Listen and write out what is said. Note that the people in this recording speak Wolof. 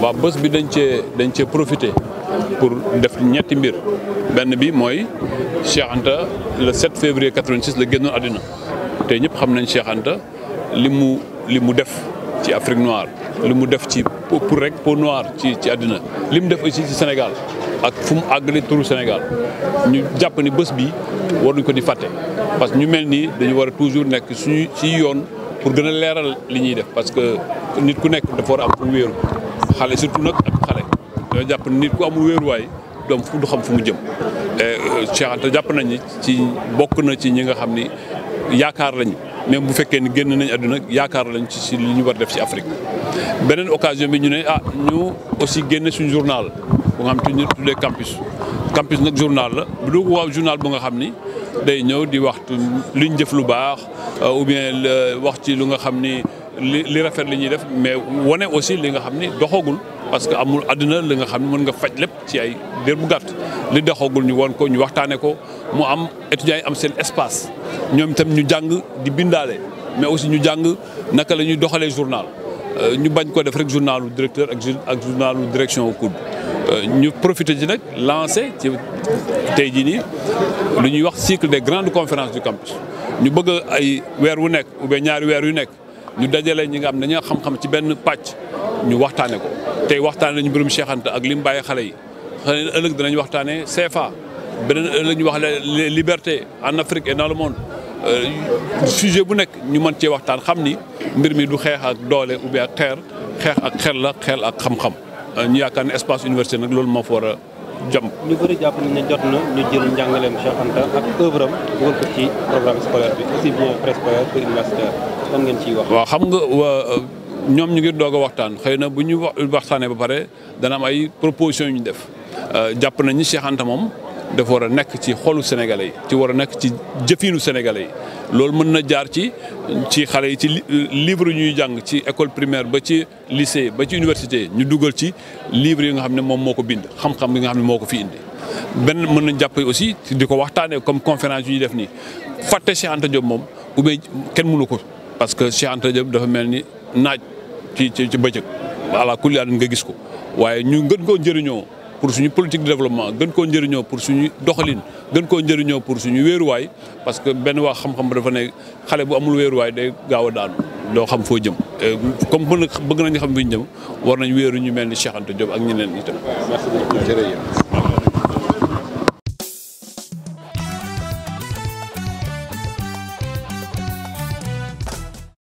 waaw bës bi dañ cee dañ cee profité pour def ñetti mbir benn bi mooy Cheikh Anta le 7 février 86 la génnoon àddina te ñëpp xam nañ Cheikh li mu li mu def ci Afrique noire li mu def ci pour rek pour noir ci ci àddina li mu def aussi ci Sénégal ak fu mu àggale turu Sénégal ñu jàpp ni bës bi war waruñ ko di fàtte parce que ñu mel nii dañu war a toujours nekk suñu ci yoon pour gën a leeral li ñuy def parce que nit ku nekk dafa war a am pour wéeru xale surtout nag ak xale jàpp nit ku amul wéeruwaay doom fu du xam fu mu jëm euh, Cheikh Anta jàpp nañ ni ci bokk na ci ñi nga xam ni yaakaar lañu même bu fekkee ni génn nañ àdduna yaakaar lañ ci si li ñu war def ci Afrique beneen occasion bi ñu ne ah ñu aussi génn suñu journal bu nga xam te ñu tuddee nag journal la bu dul waaw bu nga xam ni day ñëw di waxtu liñ jëf lu baax euh, ou bien euh, wax ci lu nga xam ni li rafet li ñuy def mais wane aussi li nga xam ni doxagul parce que amul àdduna li nga xam ni mën nga faj lépp ci ay diir bu gàtt li doxagul ñu woon ko ñu waxtaane ko mu am étudiants yi am seen espace ñoom itam ñu jàng di bindaale mais aussi ñu jàng naka la ñuy doxalee journal euh, ñu bañ ko def rek journalu directeur ak ak journalu direction COUD euh, ñu profité ji nag lancé ci tey jii nii lu ñuy wax cycle des grandes conférences du campus ñu bëgg ay weer wu nekk ou ñaari weer yu nekk ñu dajalee ñi nga am dañoo xam-xam ci benn pàcc ñu waxtaane ko tey waxtaane lañu mbirum Cheikh Anta ak li bàyyi xale yi xëy na ëllëg danañ waxtaane CFA beneen ëllëg ñu wax la liberté en Afrique et dans le monde euh, sujet bu nekk ñu mën cee waxtaan xam ni mbir mi du xeex ak doole ou ak xeer xeex ak xel la xel ak xam-xam euh, ñu yaakaar ne espace université nag loolu moo fa war a jëm. ñu bëri jàpp nañ jot na ñu jël njàngaleem Cheikh Anta ak œuvre am ci programme scolaire bi aussi bien préscolaire que lan ngeen ciy waaw xam nga ñoom ñu ngi doog a waxtaan xëy na bu ñu waxtaanee ba pare dana am ay proposition yu ñu def euh, jàpp nañu Cheikh Anta moom dafa war a nekk ci xolu sénégalais ci war a nekk ci jëfinu sénégalais yi loolu mën na jaar ci ci xale yi ci livre ñuy jàng ci école primaire ba ci lycée ba ci université ñu dugal ci livre yi nga xam ne moom moo ko bind xam-xam nga xam ne moo ko fi indi. benn mën nañ jàpp aussi di ko waxtaanee comme conférence yu ñuy def nii fàtte Cheikh Anta Diop moom ou kenn mënu ko. parce que Cheikh Anta Diop dafa mel ni naaj ci ci ci bëccëg ala kulli nga gis ko waaye ñu gën koo njëriñoo pour suñu politique de développement gën koo njëriñoo pour suñu doxalin gën koo njëriñoo pour suñu wéeruwaay parce que benn wax xam-xam dafa ne xale bu amul wéeruwaay day gaaw a daanu doo xam foo jëm. Euh, comme mën bëgg nañu xam fi ñu jëm war nañ wéeru ñu mel ni Cheikh Anta ak ñeneen itam. merci